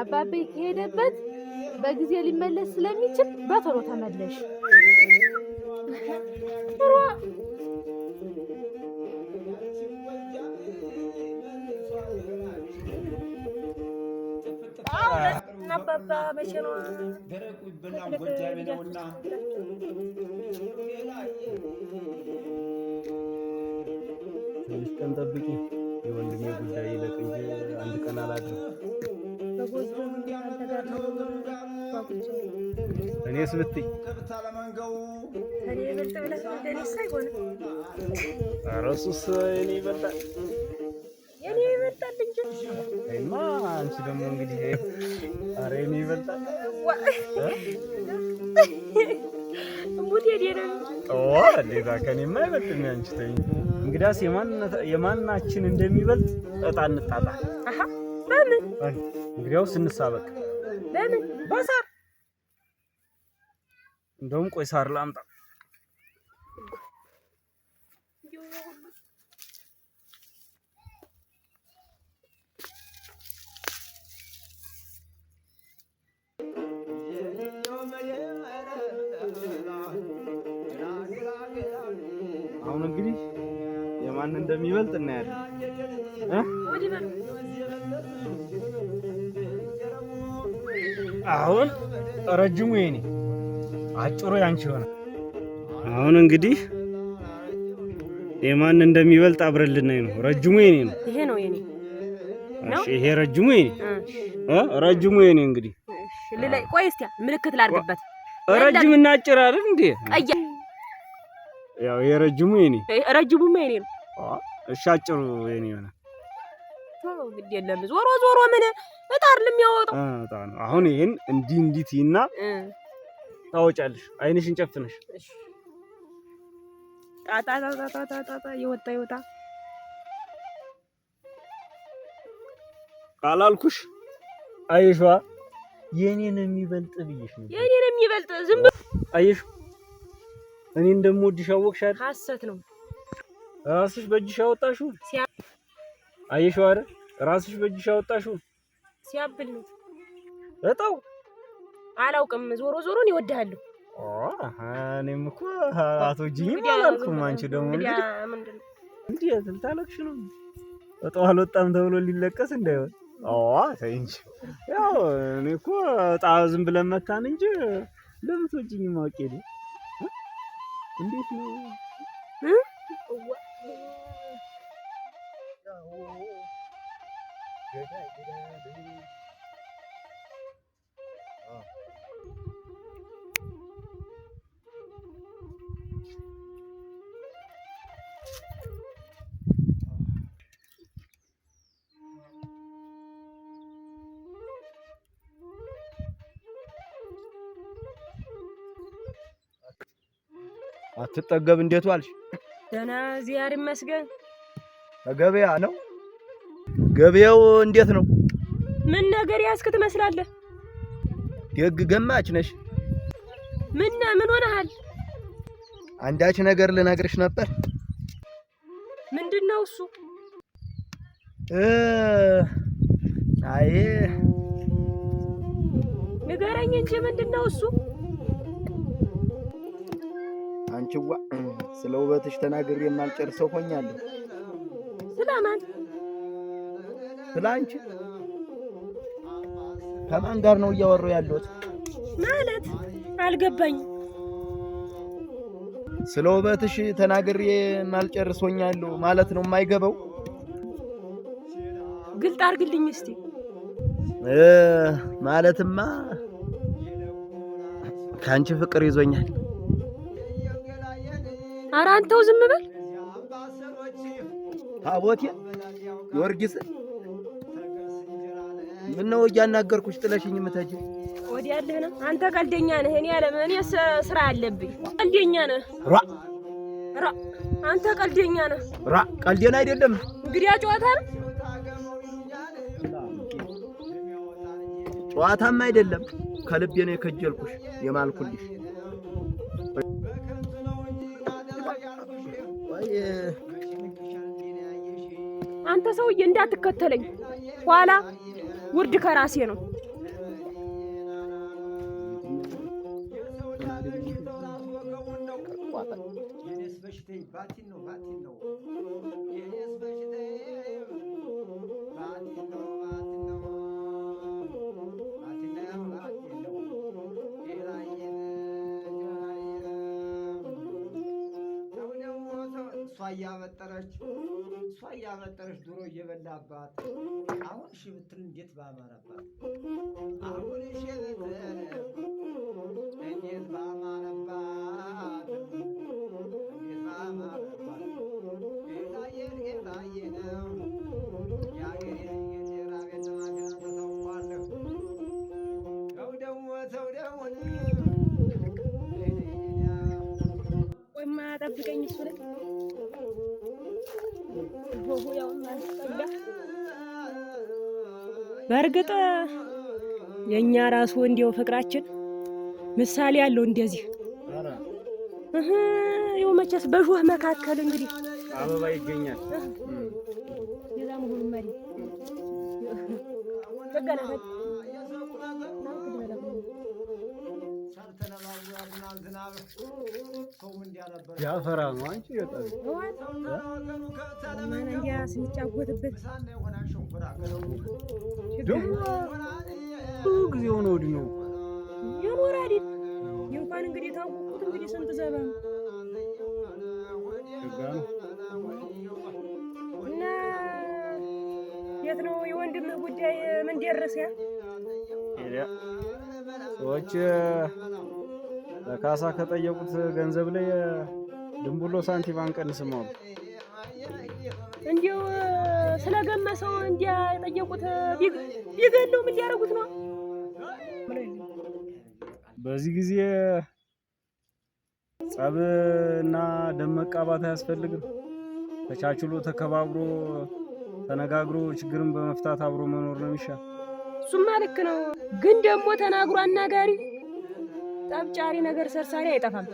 አባቤ ከሄደበት በጊዜ ሊመለስ ስለሚችል በቶሎ ተመለሽ። አባባ መቼ ነው ደረቁ ይበላል? ጎጃሜ ነውና ትንሽ ቀን ጠብቂ። የወንድሜ ጉዳይ ይለቅ እንጂ አንድ ቀን አላድርም። እኔ ብትይ ኧረ እሱስ ይበልጣል ይበልጣል እንጂ አንቺ ደግሞ እንግዲህ ኧረ የእኔ ይበልጣል አይበልጥም አንቺ ተይኝ የማናችን እንደሚበልጥ እጣ እንጣጣ በምን እንግዲያውስ እንሳበቅ። በምን በሳር እንደውም ቆይ ሳር ላምጣ። አሁን እንግዲህ የማን እንደሚበልጥ እናያለን። አሁን ረጅሙ የኔ አጭሩ ያንቺ ሆነ። አሁን እንግዲህ የማን እንደሚበልጥ አብረን ልናይ ነው። ረጅሙ የኔ ነው። ይሄ ነው የኔ ነው። ይሄ ረጅሙ የኔ እ ረጅሙ የኔ እንግዲህ ልለይ። ቆይ ምልክት ላድርግበት። ረጅም እና አጭር አይደል እንዴ? ያው የኔ የኔ ነው። እሺ አጭሩ የኔ ይሆናል። ግድ የለም። ዞሮ ዞሮ ምን እጣር ለሚያወጣው እጣ አሁን ይሄን እንዲህ ታወጫለሽ። አይንሽን ጨፍነሽ ጣጣ ጣጣ ጣጣ ጣጣ ይወጣ ይወጣ አላልኩሽ የኔን የሚበልጥ ብዬሽ ነው። የኔን የሚበልጥ ዝም እኔ እንደምወድሽ አወቅሽ አይደል? ሐሰት ነው። ራስሽ በእጅሽ አይደል? ራስሽ በእጅሽ አወጣሽው። ሲያብልኝ እጣው አላውቅም። ዞሮ ዞሮ ነው እወድሃለሁ። እኔም እኮ አትወጂኝም አላልኩም። አንቺ ደግሞ እንዴ ልታለቅሽ ነው። እጣው አልወጣም ተብሎ ሊለቀስ እንዳይሆን። አዎ ተይ እንጂ ያው እኔ እኮ እጣ ዝም ብለን መታን እንጂ ለምን ትወጂኝም አውቄ ነው። እንዴት ነው አትጠገብ። እንዴት ዋልሽ? ደህና፣ እግዚአብሔር ይመስገን። ገበያ ነው ገበያው እንዴት ነው? ምን ነገር ያስክ ትመስላለህ? ደግ ገማች ነሽ። ምን ምን ሆነሃል? አንዳች ነገር ልነግርሽ ነበር። ምንድነው እሱ? አይ ንገረኝ እንጂ ምንድነው እሱ? አንቺዋ ስለ ውበትሽ ተናግሬ የማልጨርሰው ሆኛለሁ። ስለማን ስለ አንቺ ከማን ጋር ነው እያወራሁ ያሉት? ማለት አልገባኝ ስለ ውበትሽ ተናግሬ ማልጨርሶኛለሁ ማለት ነው የማይገባው? ግልጥ አርግልኝ እስቲ። ማለትማ ከአንቺ ፍቅር ይዞኛል። አራንተው ዝም በል ታቦቴ ጊዮርጊስን ነው እያናገርኩሽ ጥለሽኝ የምትሄጂ? ወዲያለህ ነው አንተ። ቀልደኛ ነህ። እኔ ያለ እኔ ስራ አለብኝ። ቀልደኛ ነህ። ራ ራ አንተ ቀልደኛ ነህ። ራ ቀልዴን አይደለም እንግዲህ ጨዋታ ነው። ጨዋታም አይደለም። ከልቤ ነው የከጀልኩሽ የማልኩልሽ። አንተ ሰውዬ እንዳትከተለኝ ኋላ ውድ ከራሴ ነው። እሷ እያበጠረች እሷ እያበጠረች ዶሮ እየበላባት አሁን እሺ ብትል እንዴት ባማረባት፣ አሁን እሺ ብትል እንዴት ባማረባት፣ ባማረባት። ቤት ማገና ደግሞ ደግሞ በእርግጥ የእኛ ራሱ እንዲው ፍቅራችን ምሳሌ ያለው እንደዚህ ይኸው መቼስ በእሾህ መካከል እንግዲህ አበባ ይገኛል። የዛ መሆኑ መሪ ያፈራ ነው። አንቺ እንዲያ ጊዜ ሆነ ወዲህ ነው የኖረ እንኳን እንግዲህ ታወቁት እንግዲህ ስንት ዘበን እና የት ነው የወንድምህ ጉዳይ? ምን ደረሰ? ሰዎች ካሳ ከጠየቁት ገንዘብ ላይ ድንቡሎ ሳንቲም አንቀንስም አሉ። እንዲው ስለገመሰው እንዲያ የጠየቁት ቢገለው ምን ሊያደርጉት ነው? በዚህ ጊዜ ጸብና ደም መቃባት አያስፈልግም። ተቻችሎ ተከባብሮ ተነጋግሮ ችግርን በመፍታት አብሮ መኖር ነው የሚሻል። እሱማ ልክ ነው፣ ግን ደግሞ ተናግሮ አናጋሪ ጠብጫሪ ነገር ሰርሳሪ አይጠፋም።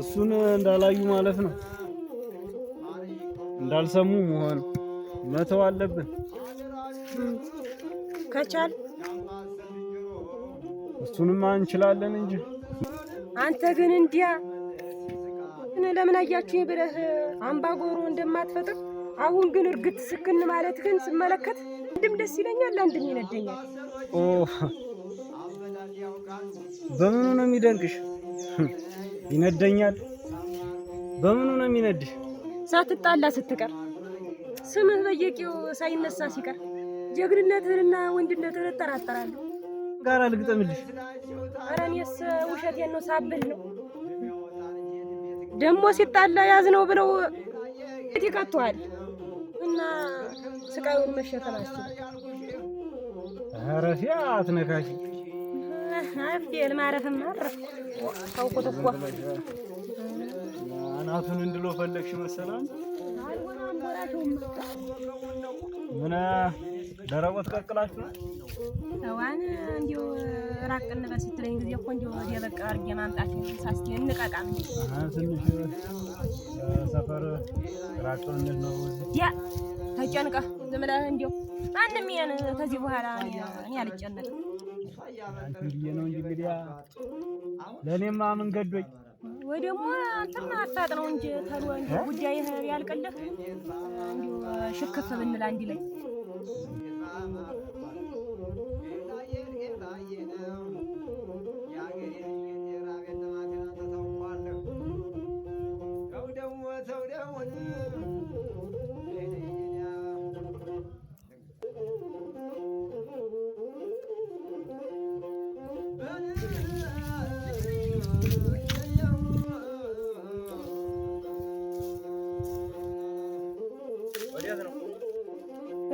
እሱን እንዳላዩ ማለት ነው፣ እንዳልሰሙ መሆን መተው አለብን ከቻል። እሱንማ እንችላለን እንጂ አንተ ግን እንዲያ ለምን አያችሁኝ ብለህ አምባጓሮ እንደማትፈጥር አሁን ግን እርግጥ ስክን ግን ስመለከት አንድም ደስ ይለኛል፣ አንድም ይነደኛል። በምኑ ነው የሚደንቅሽ? ይነደኛል። በምኑ ነው የሚነድሽ? ሳትጣላ ስትቀር ስምህ በየቂው ሳይነሳ ሲቀር ጀግንነትህንና ወንድነትህን እጠራጠራለሁ። ጋራ ልግጠምልሽ። ኧረ እኔስ ውሸቴን ነው ሳብል ነው ደግሞ ሲጣላ ያዝ ነው ብለው ይቀጥተዋል እና ስቃዩን መሸከማችሁ። ኧረ ፊያ አትነካሽ አፍየል ማረፍም አረፍ ታውቁት እኮ አናቱን እንድሎ ፈለግሽ መሰላል። ምን ደረቆት ቀቅላችሁ ዋን እንዲው ራቅ እንበል ስትለኝ ጊዜ እኮ እንዲሁ የበቃ አድርጌ ማምጣት ሳስኪ እንቀቃም ትንሽ ሰፈር ራቅ እንል ነው ያ ተጨንቀህ ዝም ብለህ እንዲሁ ማንም ይሄን ከዚህ በኋላ እኔ አልጨነቅም ብዬ ነው እንጂ እንግዲህ ለእኔማ ምን ገዶኝ ወይ ደግሞ አንተም አታጥነው እንጂ ተሎ እንጂ ጉዳይ ያልቀለህ እንዲሁ ሽክፍ ብንል አንድ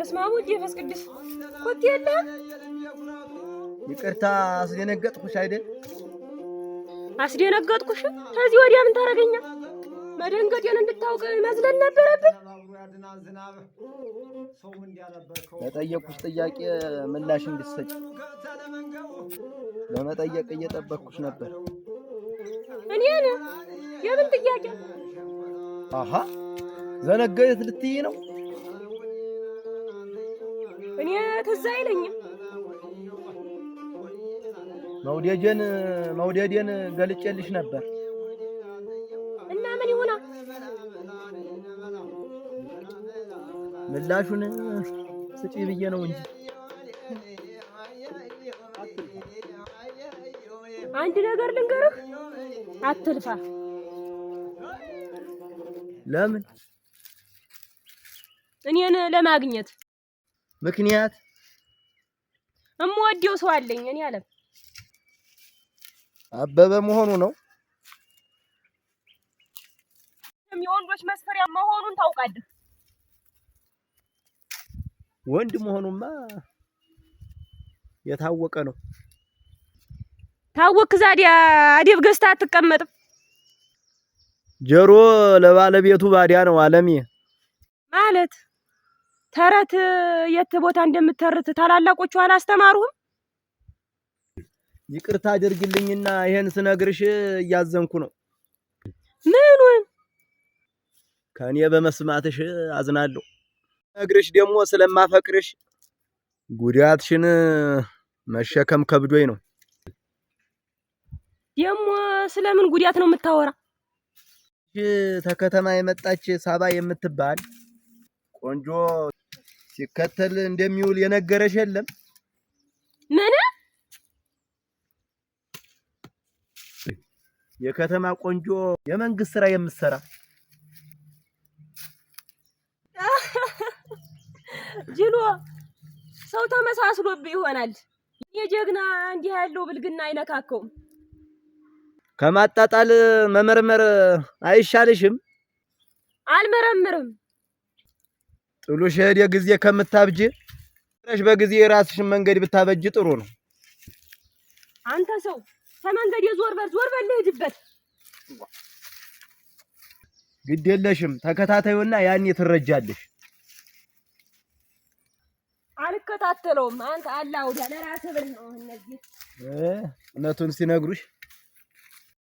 በስመ አብ ወወልድ ወመንፈስ ቅዱስ ኮት የለህም? ይቅርታ አስደነገጥኩሽ አይደል? አስደነገጥኩሽ። ከዚህ ወዲያ ምን ታረገኛ? መደንገጤን እንድታውቅ መዝለን ነበረብን። ለጠየቅኩሽ ጥያቄ ምላሽ እንድትሰጭ ለመጠየቅ እየጠበቅኩሽ ነበር። እኔን የምን ጥያቄ? አሃ ዘነገየት ልትይ ነው እኔ ትዝ አይለኝም። መውደዴን መውደዴን ገልጬልሽ ነበር እና ምን ይሆና ምላሹን ስጪ ብዬ ነው እንጂ አንድ ነገር ልንገርህ፣ አትልፋ። ለምን እኔን ለማግኘት ምክንያት እምወደው ሰው አለኝ። እኔ አለም አበበ መሆኑ ነው። የወንዶች መስፈሪያ መሆኑን ታውቃለህ። ወንድ መሆኑማ የታወቀ ነው። ታወቅ ዛዲያ አዴብ ገዝታ አትቀመጥም። ጆሮ ለባለቤቱ ባዲያ ነው አለሜ ማለት ተረት የት ቦታ እንደምተርት ታላላቆቹ አላስተማሩህም? ይቅርታ አድርግልኝና ይሄን ስነግርሽ እያዘንኩ ነው። ምኑን? ከእኔ በመስማትሽ አዝናለሁ። ነግርሽ ደግሞ ስለማፈቅርሽ ጉዳትሽን መሸከም ከብዶኝ ነው። ደግሞ ስለምን ጉዳት ነው የምታወራ? ተከተማ የመጣች ሳባ የምትባል ቆንጆ ሲከተል እንደሚውል የነገረሽ የለም? ምን የከተማ ቆንጆ የመንግስት ስራ የምትሰራ ጅሎ ሰው ተመሳስሎብ ይሆናል። የጀግና እንዲህ ያለው ብልግና አይነካከውም። ከማጣጣል መመርመር አይሻልሽም? አልመረምርም። ጥሉሽ ሄደ ጊዜ ከምታብጅ ረሽ በጊዜ የራስሽን መንገድ ብታበጅ ጥሩ ነው። አንተ ሰው ተመንገድ የዞር በር ዞር በል ልሂድበት። ግድ የለሽም ተከታታዩና ያኔ ትረጃለሽ። አልከታተለውም። አንተ አላውዳ ለራስህ ብለህ ነው እነዚህ እውነቱን ሲነግሩሽ